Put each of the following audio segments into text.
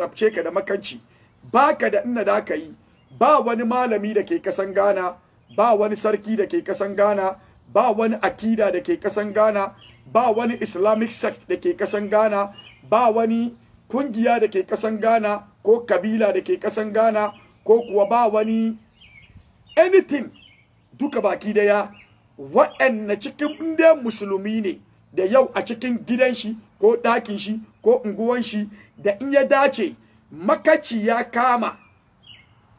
rabce ka da makanci Ba ka da inna da ka yi ba wani malami da ke kasan Ghana ba wani sarki da ke kasan Ghana ba wani akida da ke kasan Ghana ba wani Islamic sect da ke kasan Ghana ba wani kungiya da ke kasan Ghana ko kabila da ke kasan Ghana ko kuwa ba wani anything duka baki daya wa'anna cikin inda musulmi ne da yau a cikin gidan shi ko ɗakin shi ko unguwan shi da in ya dace makaci ya kama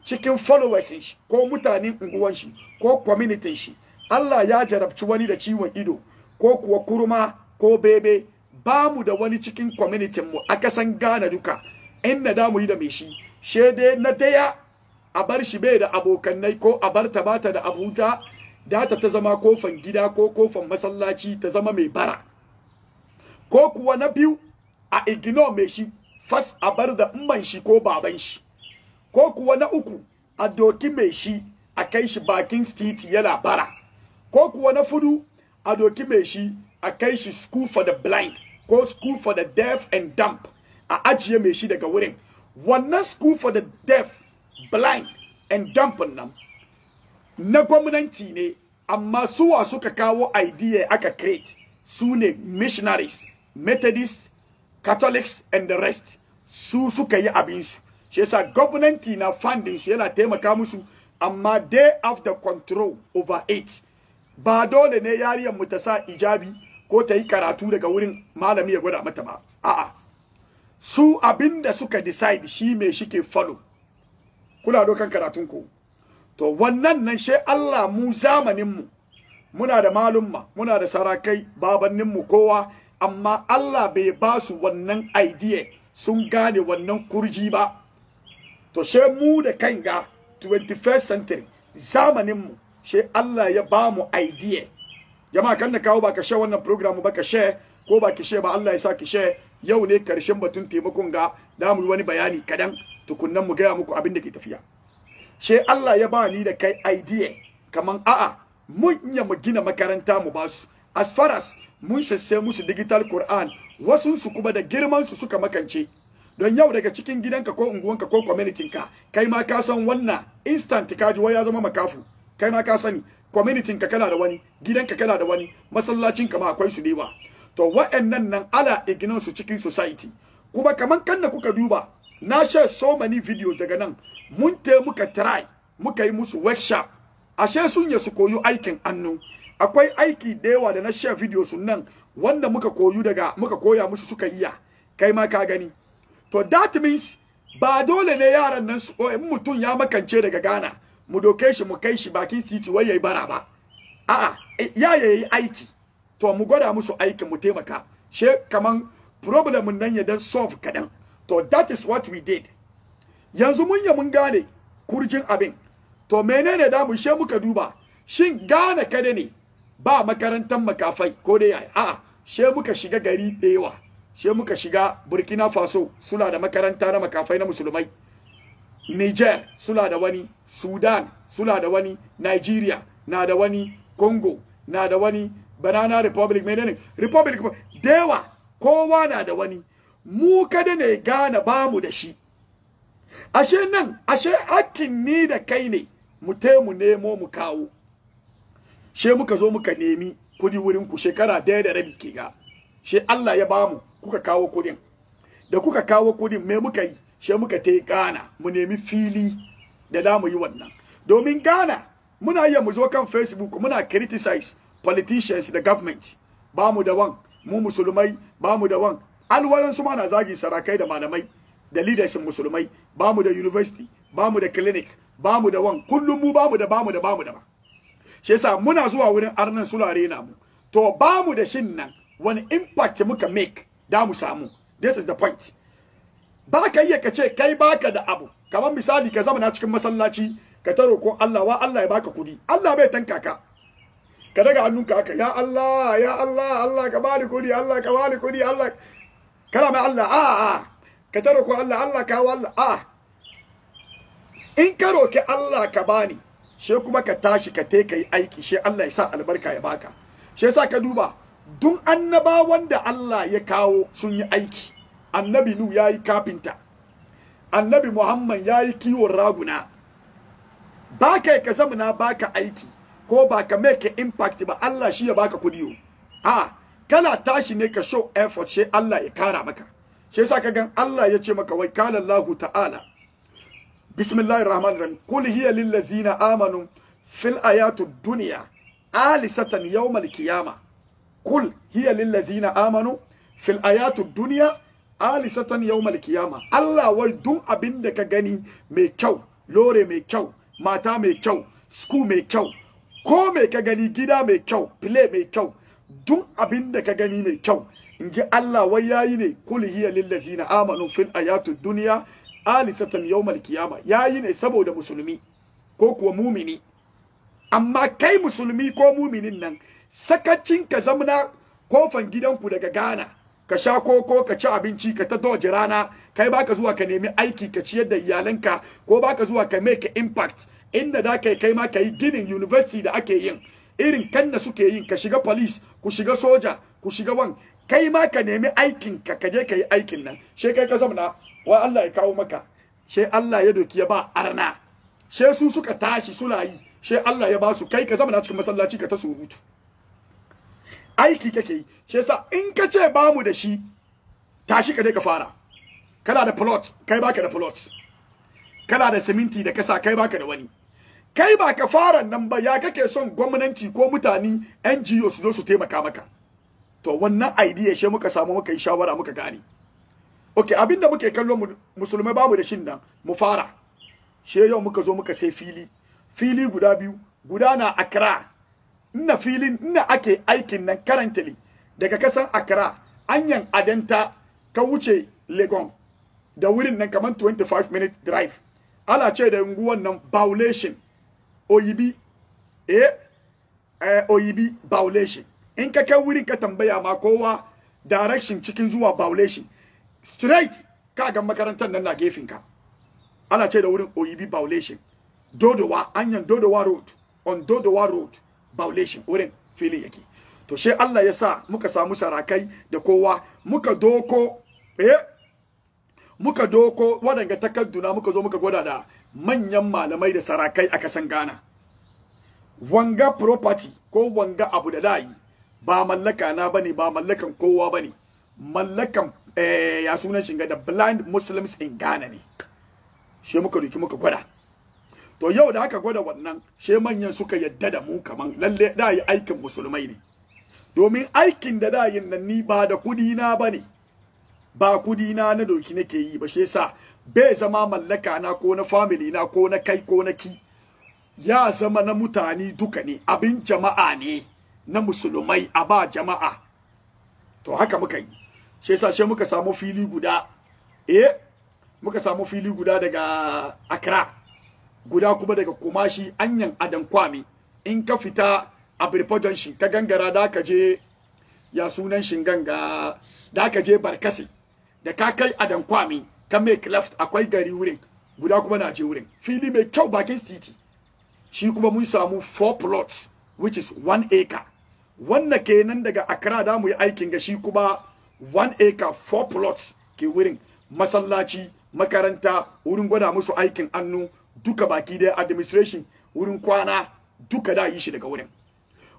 cikin followers shi ko mutanen unguwan shi ko community shi Allah ya jarabci wani da ciwon ido ko kuwa kurma ko bebe ba mu da wani cikin community mu a kasan Ghana duka in na damu yi da mai shi shede na daya a bar shi bai da abokanai ko a bar ta bata da abuta data ta zama kofan gida ko kofan masallaci ta zama mai bara ko kuwa na biyu a ignore mai shi fas a bar da umman shi ko baban shi ko kuwa na uku a doki mai shi a kai shi bakin titi ya labara ko kuwa na fudu a doki mai shi a kai shi school for the blind ko school for the deaf and dumb a ajiye mai shi daga wurin wannan school for the deaf blind and dumb nan na gwamnati ne amma su suwa suka kawo idea aka create su ne missionaries methodists catholics and the rest su suka yi abin su shi yasa gwamnati na funding su yana taimaka musu amma they have the control over it ba dole ne yariyar mu ta sa ijabi ko ta yi karatu daga wurin malami ya gwada mata ba a'a su abin da suka decide shi me shike follow kula dokan karatun ku to wannan nan she Allah mu zamanin mu muna da malumma muna da sarakai babannin mu kowa amma Allah bai ba su wannan idea sun gane wannan kurji ba to she mu da kanga 21st century zamanin mu she Allah ya ba mu idea jama'a kan na kawo ba ka she wannan program ba ka she ko ba ki she ba Allah ya sa ki she yau ne karshen batun taimakon ga da mu wani bayani kadan tukunnan mu gaya muku abin da ke tafiya she Allah ya ba ni da kai idea kaman a'a mun iya mu gina makaranta mu ba su as far as mun sasse musu digital Quran wasu su kuma da girman su suka makance don yau daga cikin gidanka ko unguwanka ko community ka kai ma ka san wannan instant ka ji ya zama makafu kai ma ka sani community ka kana da wani gidanka kana da wani masallacin ka ma akwai su ne ba to wa'annan nan ala ignan su cikin society kuma kaman kanna kuka duba na share so many videos daga nan mun te muka try muka yi musu workshop ashe sun ya su koyo aikin annu akwai aiki da yawa da na share videos nan wanda muka koyu daga muka koya musu suka iya kai ma ka gani to that means ba dole ne yaran nan su in mutum ya makance daga Ghana mu doke shi mu kai shi bakin city wai yayi bara ba a'a eh, ya yayi aiki to mu gwada musu aikin mu taimaka she kaman problem nan ya dan solve kadan to that is what we did yanzu mun ya mun gane kurjin abin to menene da mu she muka duba shin ghana kada ne ba makarantar makafai ko dai yaya a'a she muka shiga gari dewa she muka shiga Burkina Faso suna da makaranta na makafai na musulmai Niger suna da wani Sudan suna da wani Nigeria na da wani Congo na da wani Banana Republic menene Republic dewa kowa na da wani mu kada ne gane bamu da shi ashe nan ashe hakkin ni da kai ne mu te mu nemo mu kawo she muka zo muka nemi kudi wurin ku shekara daya da rabi ke ga she Allah ya bamu kuka kawo kudin da kuka kawo kudin me muka yi she muka tai Ghana mu nemi fili da za mu yi wannan domin gana muna iya mu zo kan Facebook muna criticize politicians da government ba mu da wan mu musulmai ba mu da wan alwaran su ma na zagi sarakai da malamai da leadership musulmai ba mu da university ba mu da clinic ba mu da wan kullum mu ba mu da ba mu da ba mu da ba shi yasa muna zuwa wurin arnan sulare na mu to ba mu da shin nan wani impact muka make da mu samu this is the point ba ka iya ka ce kai baka da abu kamar misali ka zama na cikin masallaci ka taro ko Allah wa Allah ya baka kudi Allah bai tanka ka ka daga hannunka haka ya Allah ya Allah Allah ka bani kudi Allah ka bani kudi Allah kana mai Allah a a ka taro ko Allah Allah ka wa Allah a in ka roki Allah ka bani she kuma ka tashi ka te ka yi aiki she Allah ya sa albarka ya baka she yasa ka duba duk annabawan wanda Allah ya kawo sun yi aiki annabi nu yayi kafinta annabi Muhammad yayi kiwon raguna ba kai ka zamana baka aiki ko ba ka make impact ba Allah shi ya baka kudi a kana tashi ne ka show effort she Allah ya kara maka she yasa ka gan Allah ya ce maka wai kana Allah ta'ala bismillahi rahmanir rahim kul hiya lil ladzina amanu fil alisatan yawmal qiyamah kul hiya amanu fil ayatud alisatan yawmal Allah wai duk abin ka gani mai kyau lore mai kyau mata mai kyau sku mai kyau ko mai ka gani gida mai kyau file mai kyau duk abinda ka gani mai kyau in ji Allah wai yayi ne kul amanu fil ayatud alisatan yawmal kiyama yayi ne saboda musulmi ko kuwa mumini amma kai musulmi ko muminin nan sakacin ka zamna kofan gidanku daga Ghana ka sha koko ka ci abinci ka ta doji rana kai baka zuwa ka nemi aiki ka ciyar da iyalanka ko ka zuwa ka make impact inda da kai kai ma ka yi ginin university da ake yin irin kan da suke yin ka shiga police ku shiga soja ku shiga wan kai ma ka nemi aikin ka ka je ka yi aikin nan shekai ka zamna wa Allah ya kawo maka she Allah ya doki ya ba arna she su suka tashi suna yi she Allah ya ba su kai ka zama cikin masallaci ka ta surutu aiki kake yi she sa in ka ce ba mu da shi tashi ka dai ka fara kana da plot kai baka da plot kana da siminti da kasa kai baka da wani kai ba ka fara nan ba ya kake son gwamnati ko mutane NGO su zo su taimaka maka to wannan idea she muka samu muka yi shawara muka gane okay da muke kallon musulmai bamu da shin nan mu fara she yau muka zo muka sai fili fili guda biyu guda na Accra ina filin ina ake aikin nan currently daga kasan Accra anyan adanta ka wuce Legon da wurin nan kaman 25 minute drive ala ce da unguwan nan Baulation Oyibi eh, eh Oyibi Baulation in ka kai wurin ka tambaya ma kowa direction cikin zuwa Baulation straight ka ga makarantar nan na gefin ka ana ce da wurin oyibi violation dodowa anyan dodowa road on dodowa road violation wurin fili yake to she Allah ya sa muka samu sarakai da kowa muka doko eh muka doko wadanga takadduna muka zo muka gwada da manyan malamai da sarakai a kasan Ghana wanga property ko wanga abu da dayi ba mallaka na bane ba mallakan kowa bane mallakan Eh, ya sunan shiga da blind muslims in Ghana ne she muka riki muka gwada to yau da aka gwada wannan she manyan suka yadda da mu kaman lalle da yi aikin musulmai ne domin aikin da da yin nan ni ba da kudi na bane ba kudi na na doki nake yi ba she yasa bai zama mallaka na ko na family na ko na kai ko na ki ya zama na mutane duka ne abin jama'a ne na musulmai a ba jama'a to haka muka yi shi yasa she muka samu fili guda eh muka samu fili guda daga Accra guda kuma daga Kumashi anyan Adam Kwame in ka fita a Birfodon shi ka gangara da ka je ya sunan shin ganga da ka je Barkasi da ka kai Adam Kwame ka make left akwai gari wurin guda kuma na je wurin fili mai kyau bakin city shi kuma mun samu four plots which is one acre wannan kenan daga Accra da mu yi aikin ga shi kuma one acre four plots ke wurin masallaci makaranta wurin gwada musu aikin annu duka baki daya administration wurin kwana duka da yi shi daga wurin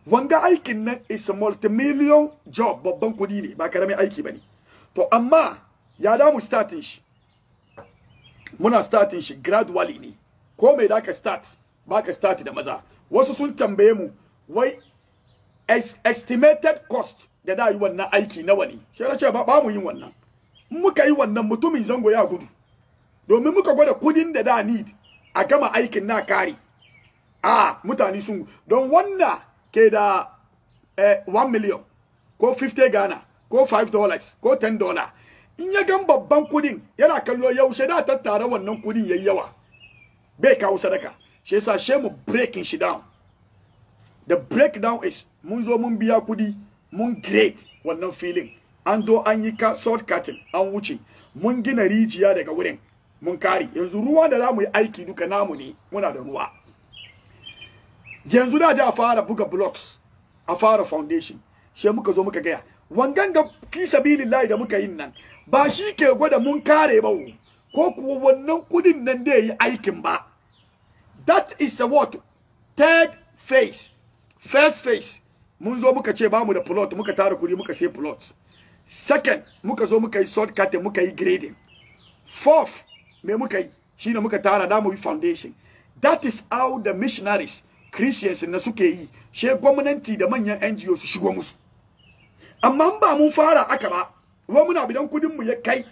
wanga aikin nan is a multi-million job babban kudi ne ba karamin aiki ba ne to amma ya damu startin shi muna startin shi gradually ne ko mai da ka start ba ka start da maza wasu sun tambaye mu wai estimated cost da da yi wannan aiki nawa wani shi ce ba ba mu yin wannan muka yi wannan mutumin zango ya gudu domin muka gwada kudin da da need a gama aikin na kare a mutane sun don wannan ke da eh, 1 million ko 50 Ghana ko 5 dollars ko 10 dollar in ya gan babban kudin yana kallo yaushe da tattara wannan kudin yayi yawa bai kawo sadaka shi yasa shemu breaking shi down the breakdown is mun zo mun biya kudi mun grade wannan filin an do an yi short cutting an wuce mun gina rijiya daga wurin mun kare yanzu ruwa da zamu yi aiki duka namu ne muna da ruwa yanzu da a fara buga blocks a fara foundation she muka zo muka gaya wangan ga fi sabilillahi da muka yin nan ba shi ke gwada mun kare ba ko kuwa wannan kudin nan da yi aikin ba that is a what third phase first phase mun zo muka ce bamu da plot muka tara kuri muka sai plot second muka zo muka yi short cut muka yi grading fourth me muka yi shine muka tara da mu bi foundation that is how the missionaries christians na suke yi she gwamnati da manyan NGO su shigo musu amma ba mun fara aka ba wa muna bidan kudin mu ya kai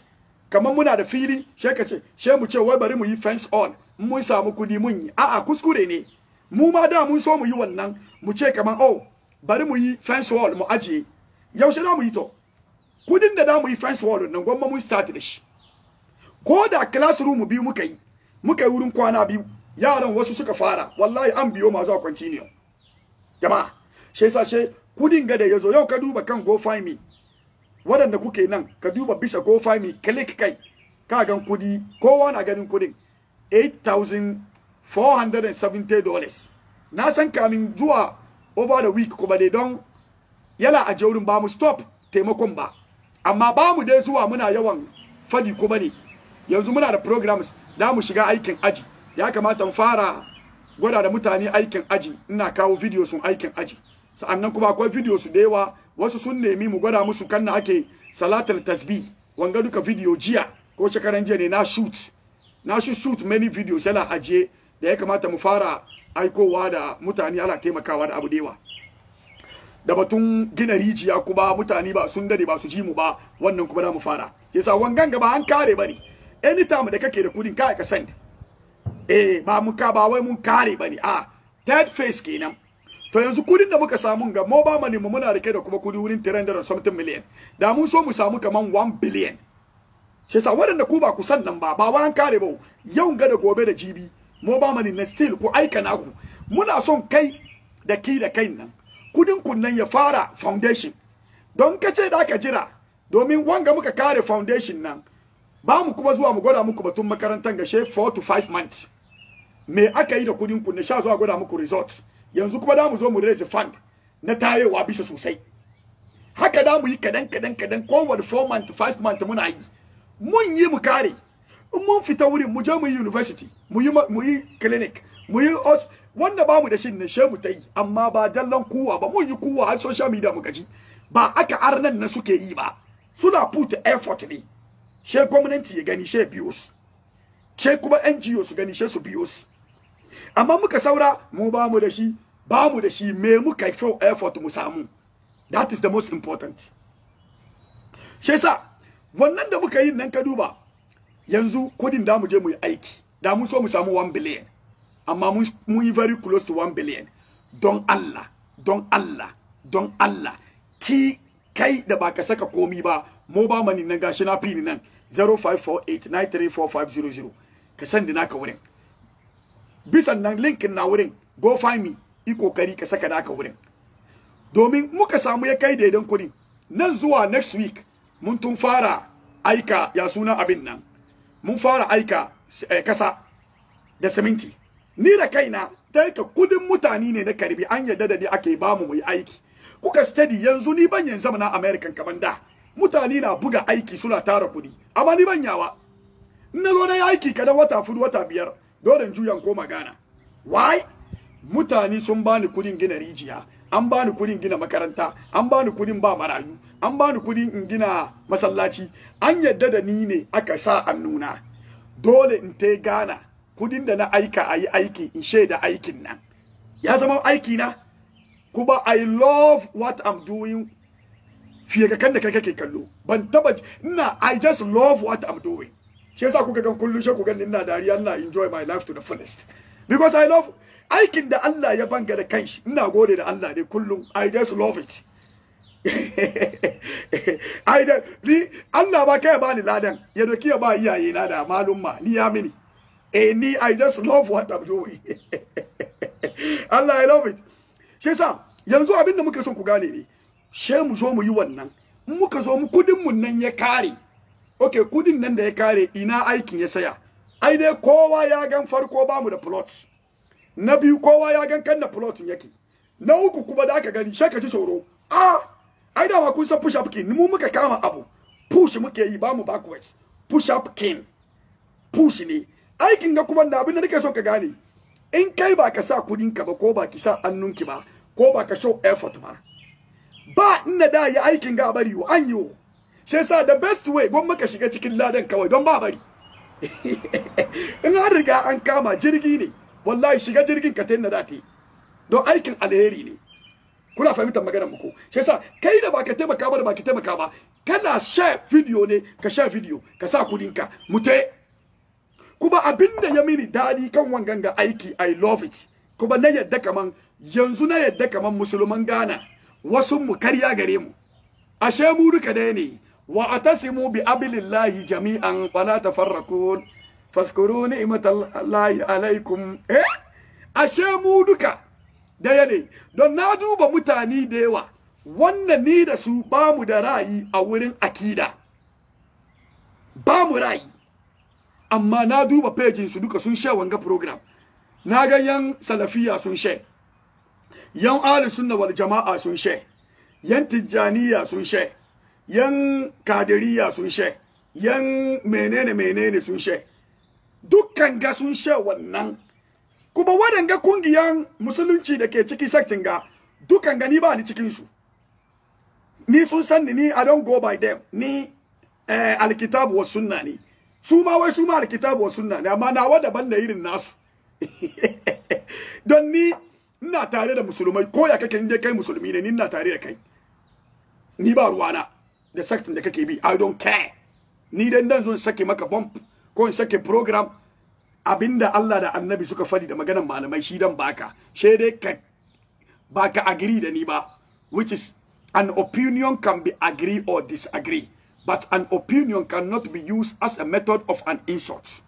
kamar muna da fili she ka ce she mu ce wai bari mu yi fence on mun samu kudi mun yi a'a kuskure ne mu ma da mun so mu yi wannan mu ce kamar oh bari mu yi fence wall mu ajiye yaushe za mu yi to kudin da za mu yi fence wall nan gwamma mun start da shi ko da classroom biyu muka yi muka yi wurin kwana biyu yaran wasu suka fara wallahi an biyo masu a continue jama'a shi yasa she kudin ga da yazo yau ka duba kan go find me waɗanda kuke nan ka duba bisa go find me click kai ka gan kudi kowa na ganin kudin 8470 dollars na san kamin zuwa over the week kuma dai don yala a wurin ba mu stop taimakon ba amma ba mu dai zuwa muna yawan fadi kuma ne yanzu muna da programs da mu shiga aikin aji ya kamata mu fara gwada da mutane aikin aji ina kawo video sun aikin aji sa'annan kuma akwai video su da yawa wasu sun nemi mu gwada musu kan na ake salatul tasbih wanga duka video jiya ko shekaran jiya ne na shoot na shoot many videos yana ajiye da ya kamata mu fara aikowa da mutane ana taimakawa da abu dewa da batun gina rijiya kuma mutane ba sun dade ba su ji mu ba wannan kuma da mu fara yasa wangan gaba an kare bane anytime da kake da kudin kai ka send eh ba mun ka ba wai mun kare bane a ah, third phase kenan to yanzu kudin da muka samu ga mobile money mu muna rike da kuma kudi wurin 300 something million da mun so mu samu kaman 1 billion shi yasa waɗanda ku ba ku san nan ba ba wa an kare ba yau ga da gobe da jibi ba mani na still ku aika naku muna son kai da ki da kai nan kudin kunnan ya fara foundation don kace da ka jira domin wanga muka kare foundation nan ba mu kuma zuwa mu gwada muku batun makarantar gashe 4 to 5 months me aka yi da kudin kunne sha zuwa gwada muku resort yanzu kuma da mu zo mu raise fund na tayewa bisa sosai haka da mu yi kadan kadan kadan kowane 4 month 5 month muna yi mun yi mu kare in mun fita wurin mu je mu yi university mu yi mu yi clinic mu yi wanda ba mu da shi ne she mu ta amma ba dallan kuwa ba mun yi kuwa har social media mu gaji ba aka arnan na suke yi ba suna put effort ne she gwamnati ya gani she biyo su she kuma NGO su gani she su biyo su amma muka saura mu ba mu da shi ba mu da shi me muka throw effort mu samu that is the most important shi wannan da muka yi nan ka duba yanzu kudin da mu je mu yi aiki da mu so mu samu 1 billion amma mun yi very close to 1 billion don Allah don Allah don Allah ki kai da ba ka saka komi ba mo ba mani nan gashi na pin nan 0548934500 ka sandi naka wurin bisan nan linkin na wurin go find me yi kokari ka saka naka wurin domin muka samu ya kai daidan kudin nan zuwa next week mun tun fara aika ya suna abin nan mun fara aika eh, kasa da siminti ni da kaina ta taika kudin mutane ne na karbi an yadda da ni ake ba mu yi aiki kuka study yanzu ni ban yanzu na American kaman da mutane na buga aiki suna tara kudi amma ni ban yawa na zo na yi aiki kada wata fudu wata biyar dole juyan koma magana. why mutane sun bani kudin gina rijiya an bani kudin gina makaranta an bani kudin ba marayu an bani kudin in gina masallaci an yadda da ni ne aka sa nuna dole in te gana kudin da na aika a yi aiki in shaida aikin nan ya zama aiki na kuma i love what i'm doing fiye ga kan da kai kake kallo ban taba ina i just love what i'm doing shi yasa kuka gan kullun shi kuka ina dariya ina enjoy my life to the fullest because i love aikin da Allah ya banga da kanshi ina gode da Allah ne kullum i just love it i da ni Allah ba kai ba ni ladan ya doki ya ba iyaye na da malumma ni ya mini eh ni i just love what i'm doing Allah i love it shi sa yanzu abin da muke son ku gane ne she mu zo mu yi wannan in muka zo mu kudin mun nan ya kare okay kudin nan da ya kare ina aikin ya saya ai dai kowa ya gan farko bamu da plots na biyu kowa ya gan kan da plotin yake na uku kuma da aka gani shaka ji tsoro ah ai dama kun san push up king mu muka kama abu push muke yi ba mu backwards push up king push ne aikin ga kuma da abin da nake so ka gane in kai ba ka sa kudin ka ba ko ba ki sa annunki ba ko ba ka show effort ma ba ina da yi aikin ga bari yo an yo shi sa the best way gwamma ka shiga cikin ladan kawai don ba bari in an riga an kama jirgi ne wallahi shiga jirgin ka tayin da za yi don aikin alheri ne kuna fahimtar maganar muku shi yasa kai da baka taimaka ba da baka taimaka ba kana sha video ne ka sha video ka sa kudin ka mute kuma abinda ya mini dadi kan wangan aiki i love it kuma na yadda kaman yanzu na yadda kaman musulman gana wasu mu karya gare mu ashe mu duka dai ne wa atasimu bi abilillahi jami'an wala tafarraqun faskuru ni'matallahi alaikum eh ashe mu duka daya don na duba mutane da yawa wannan ni da su ba mu da ra'ayi a wurin akida ba mu ra'ayi amma na duba pejin su duka sun wanga program na ga yan salafiya sun sha yan ahli sunna wal jama'a sun yan tijjaniya sun sunshe yan kadiriya sun sunshe yan menene menene sun dukkan ga sun she wannan kuma waɗanga kungiyan musulunci da ke ciki sektin ga dukkan gani ba ni cikin su ni sun san ni I don't go by them ni eh, alkitabu wa sunna ni su ma wai su ma alkitabu wa sunna ni amma nawa daban da irin nasu don ni ina tare da musulmai ko ya kake inda kai musulmi ne ni ina tare da kai ni ba ruwana da sektin da kake bi I don't care ni dan dan zo saki maka bomb ko in sake program abinda Allah da annabi suka fadi da maganan malamai shi dan baka she dai ka baka agree da ni ba which is an opinion can be agree or disagree but an opinion cannot be used as a method of an insult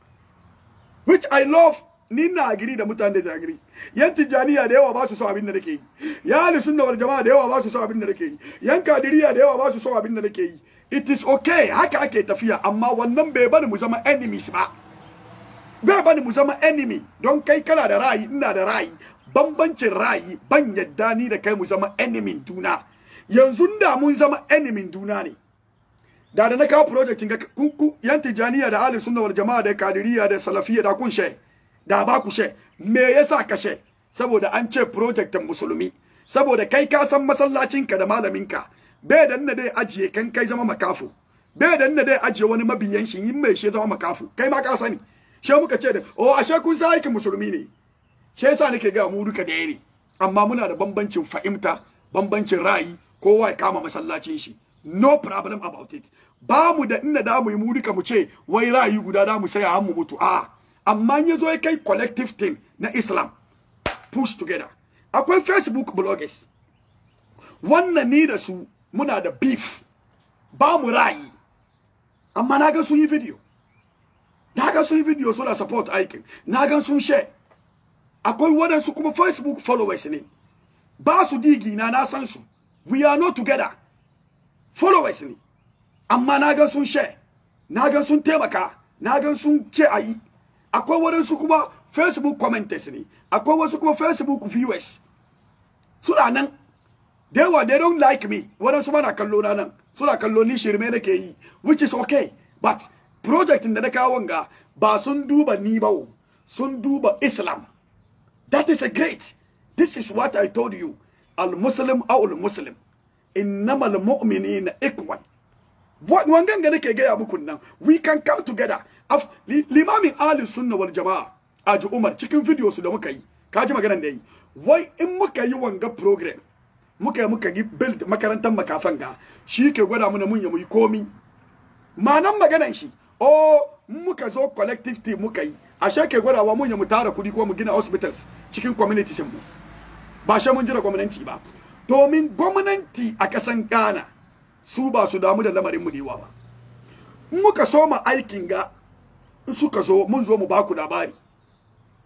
which I love ni na agree da mutane da agree yan tijaniya da yawa ba su so abin da nake yi yan sunna wal jamaa da yawa ba su so abin da nake yi yan kadiriya da yawa ba su so abin da nake yi it is okay haka ake tafiya amma wannan bai bani mu zama enemies ba bai bani mu zama enemy don kai kana da ra'ayi ina da ra'ayi bambancin ra'ayi ban yadda ni da kai mu zama enemy juna yanzu da mun zama enemy juna ne da da na kawo project ga kunku yan tijaniya da ahli sunna wal jama'a da kadiriya da salafiya da kun she da ba ku she me yasa ka she saboda an ce project musulmi saboda kai ka san masallacinka da malaminka bai da nna dai ajiye kan kai zama makafo bai da nna dai ajiye wani mabiyan shi yin mai she zama makafo kai ma ka sani she muka ce da o oh, ashe kun sa aikin musulmi ne she yasa nake ga mu duka da ne amma muna da bambancin fahimta bambancin ra'ayi kowa ya kama masallacin shi no problem about it ba mu da inda da mu yi mu duka mu ce wai ra'ayi guda da mu sai a mu mutu a amma an yazo ya kai collective team na Islam push together akwai Facebook bloggers wannan ni da su muna da beef ba mu ra'ayi amma na ga sun yi video na ga sun yi video suna support aikin na ga sun share akwai waɗansu kuma facebook followers ne ba su digi na na san su we are not together followers ne amma na ga sun share na ga sun taimaka na ga sun ce a yi akwai waɗansu kuma facebook commenters ne akwai wasu kuma facebook viewers suna nan they were they don't like me waɗansu ma kallo na nan suna kallo ni shirme nake yi which is okay but project da na kawo ga ba sun duba ni ba sun duba islam that is a great this is what i told you al muslim aw al muslim innamal mu'minina ikwan wangan ga nake ya muku nan we can come together af limamin Ali sunna wal jamaa aji umar cikin video su da muka yi kaji maganar da yi wai in muka yi wanga program muka muka gi build makarantar makafan ga shi ke gwada mana mun ya mu komi manan maganan shi oh muka zo collective team muka yi ashe ke gwada wa mun ya mu tara kudi ko mu gina hospitals cikin communities mu ba sha mun jira gwamnati ba domin gwamnati a kasan Ghana su ba su damu da lamarin mu dewa ba muka soma aikin ga suka zo mun zo mu ba ku labari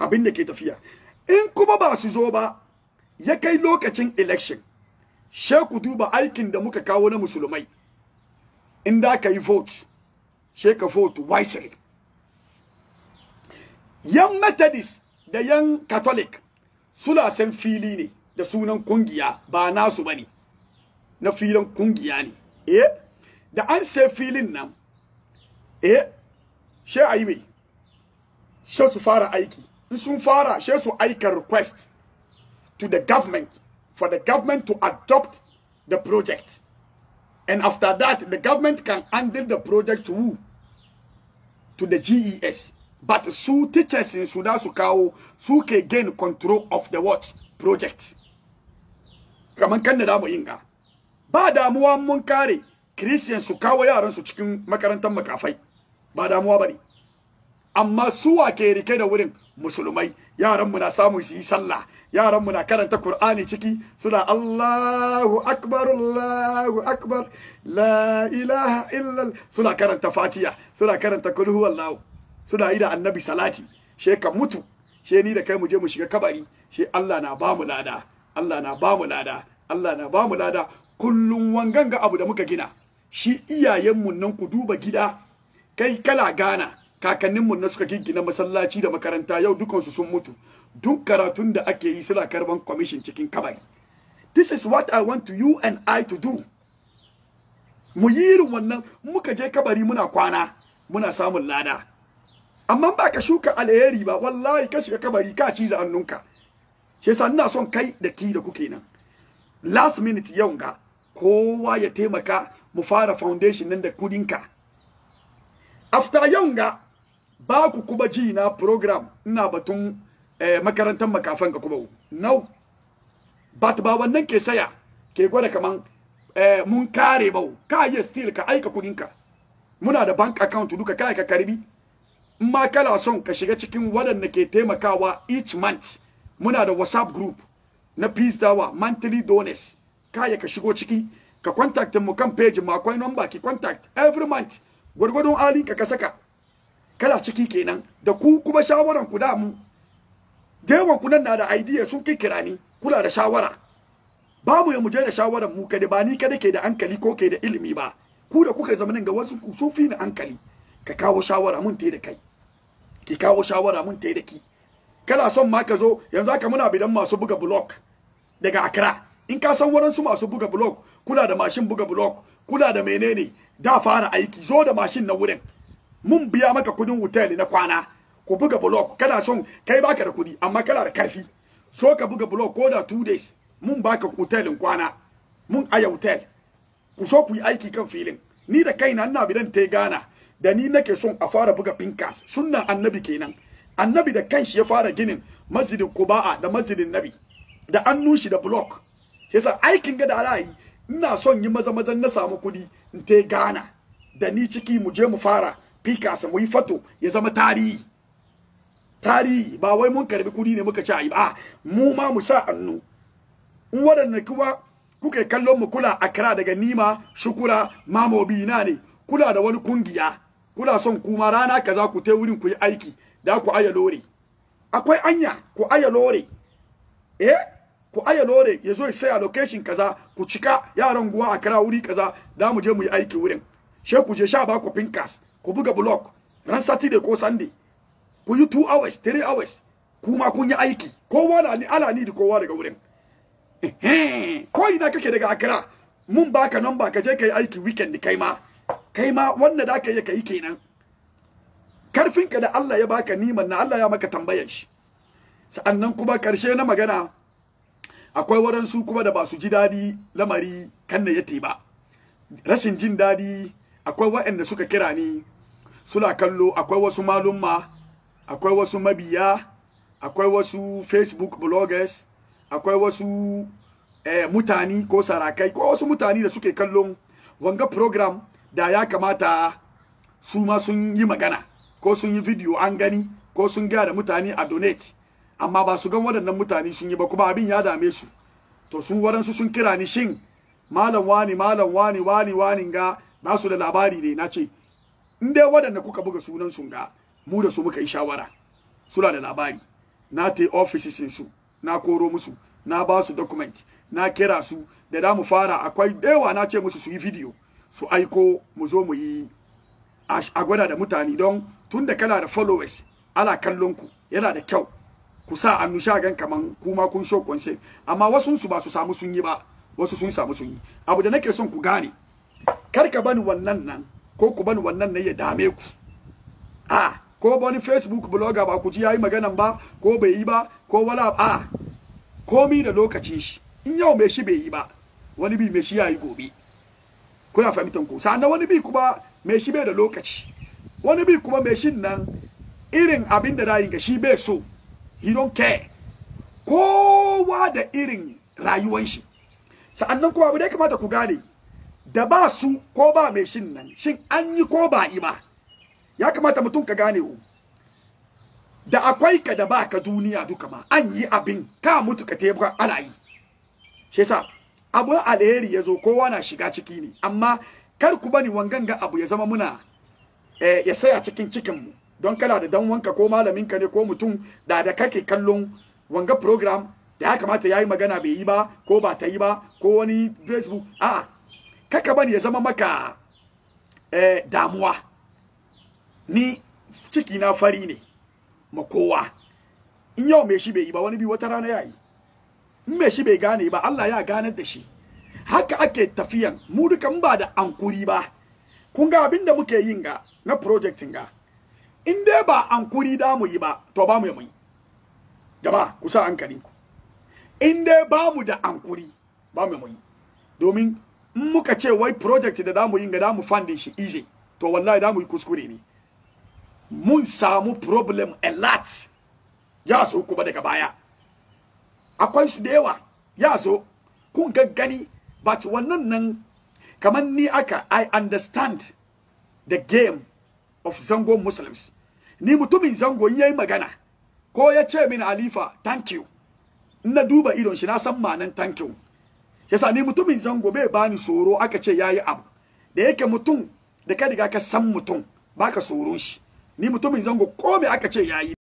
abin da ke tafiya in kuma ba su zo ba ya kai lokacin election she duba aikin da muka kawo na musulmai in da ka yi vote she ka vote wisely yan methodist da yan catholic suna san fili ne da sunan kungiya ba nasu bane na filin kungiya ne eh da an sai filin nan eh she ayi she su fara aiki in sun fara she su aika request to the government for the government to adopt the project. And after that, the government can handle the project to who? To the GES. But su teachers in Sudan Sukao, su can gain control of the what? Project. Kaman kan da inga. Christian Sukawa kawo yaran su cikin makarantar makafai. Ba damuwa bane. Amma su ke rike da wurin musulmai yaranmu na samu su yi sallah yaranmu na karanta qur'ani ciki suna Allahu akbar Allahu akbar la ilaha illa suna karanta fatiha suna karanta kul huwallahu suna yi da annabi salati she ka mutu she ni da kai mu je mu shiga kabari she Allah na ba lada Allah na ba lada Allah na ba lada kullun wanganga abu da muka gina shi iyayenmu nan ku duba gida kai kala gana kakanninmu na suka gingina masallaci da makaranta yau dukansu sun mutu duk karatun da ake yi suna karban commission cikin kabari this is what i want to you and i to do mu yi irin wannan muka je kabari muna kwana muna samun lada amma ba ka shuka alheri ba wallahi ka shiga kabari ka ciza annunka shi yasa ina son kai da ki da kuke nan last minute yau ga kowa ya taimaka mu fara foundation nan da kudinka after yau ga ba ku kuma ji na program ina batun eh, makarantar makafan ka kuma no but ba wannan ke saya ke gwada kaman eh, mun kare bau ka yi still ka aika kudinka muna da bank account duka ka aika karbi in ma kana son ka shiga cikin waɗanda ke taimakawa each month muna da whatsapp group na peace dawa monthly donors kaya ka shigo ciki ka contact mu kan page mu akwai number ki contact every month gwargwadon alin ka ka saka kala ciki kenan da ku kuma shawaran ku da mu dewan ku nan na da idea sun kikira ni kula da shawara ba mu ya muje da shawaran mu kada ba ni kada ke da hankali ko ke da ilimi ba ku da kuka zama nan ga wasu ku sun ni hankali ka kawo shawara mun tai da kai ki kawo shawara mun tai da ki kala son ma ka zo yanzu haka muna bidan masu buga block daga Accra in ka san waransu masu buga block kula da mashin buga block kula da menene da fara aiki zo da mashin na wurin mun biya maka kudin hotel na kwana ku buga block kana son kai baka da kudi amma kana da karfi so ka buga block ko da 2 days mun baka hotelin kwana mun aya hotel ku so ku yi aiki kan filin ni da kaina ina bidan tai gana da ni nake son a fara buga pinkas sunnan annabi kenan annabi da kanshi ya fara ginin masjidin kuba'a da masjidin nabi da an nushi da block yasa aikin ga da ra'ayi ina son yi maza mazan na samu kudi in tai gana da ni ciki mu je mu fara pikasa mu yi fato ya zama tarihi tarihi ba wai mun karbi kudi ne muka ci ayi ba mu ma mu sa annu in waɗanda kuma kuka kallon mu kula akra daga nima shukura mamobi na ne kula da wani kungiya kula son kuma rana kaza ku te wurin ku yi aiki da ku aya lore akwai anya ku aya lore eh ku aya lore ya zo sai saya location kaza ku cika yaran guwa akra wuri kaza da mu je mu yi aiki wurin she ku je sha ba ku pinkas ku buga block ran saturday ko sunday ku yi 2 hours 3 hours kuma kun yi aiki kowa na ala ni da kowa daga wurin ko ina kake daga akra mun baka nan ka je kai aiki weekend kai ma kai ma wannan da ka kai kenan ka da Allah ya baka niman na Allah ya maka tambayar shi sa'annan kuma karshe na magana akwai waɗansu kuma da ba su ji daɗi lamari kan na yate ba rashin jin daɗi akwai waɗanda suka kira ni suna kallo akwai wasu malumma akwai wasu mabiya akwai wasu facebook bloggers akwai wasu eh, mutane ko sarakai ko wasu mutane da suke kallon wanga program da ya kamata su ma sun yi magana ko sun yi video an gani ko sun gaya da mutane a donate amma ba su gan waɗannan mutane sun yi ba kuma abin ya dame su to sun waɗansu sun kira ni shin malam wani malam wani wani wani ga ba su da labari ne na ce in dai waɗanda kuka buga sunan sun ga mu da su muka yi shawara suna da labari na ta yi offices su na koro musu na ba su document na kira su da da mu fara akwai dewa na ce musu su yi video su aiko mu zo mu yi a gwada da mutane don tun da kana da followers ala kallon ku yana da kyau ku sa annu sha gan kaman kuma kun show amma wasu su ba su samu sun yi ba wasu sun samu sun yi abu da nake son ku gane kar ka bani wannan nan ko ku bani wannan ne ya dame ku a ko bani facebook blogger ba ku ji yayi maganan ba ko bai yi ba ko wala a komi da lokacin shi in yau mai shi bai yi ba wani bi mai shi yayi gobe kuna fahimtar ku sannan wani bi kuma mai shi bai da lokaci wani bi kuma mai shin nan irin abin da rayin ga shi bai so he don't care kowa da irin rayuwan shi sa'annan kuma abu ya kamata ku gane da ba su ko ba mai shin nan shin an yi ko ba yi ba ya kamata mutum ka gane u da akwai ka da ba ka duniya duka ma an yi abin ka mutu ka ba ana yi shi yasa abu alheri ya zo kowa na shiga ciki ne amma kar ku bani wanganga abu ya zama muna eh, ya saya cikin cikin mu don kala da dan wanka ko malamin ka ne ko mutum da da kake kallon wanga program da ya kamata yayi magana bai yi ba ko ba ta yi ba ko wani facebook a'a kaka bani ya zama maka eh, damuwa ni ciki na fari ne makowa kowa in yau mai shi bai yi ba wani bi wata rana ya yi in mai shi bai gane ba Allah ya gane da shi haka ake tafiyan mu dukan ba da ankuri ba kun ga abin da muke yin ga na projectin ga in dai ba ankuri da mu yi ba to ba mu yi gaba kusa hankalinku in dai ba mu da ankuri ba mu yi domin in muka ce wai project da damu yin ga damu funding shi easy to wallahi damu yi kuskure ne mun samu problem a lot ya so kuma daga baya akwai su da yawa ya so kun gaggani but wannan nan kamar ni aka i understand the game of zango muslims ni mutumin zango yayi magana ko ya ce min alifa thank you na duba idon shi na san manan thank you yasa ni mutumin zango bai bani tsoro aka ce yayi abu da yake mutum da ka riga ka san mutum baka tsoron shi ni mutumin zango ko me aka ce yayi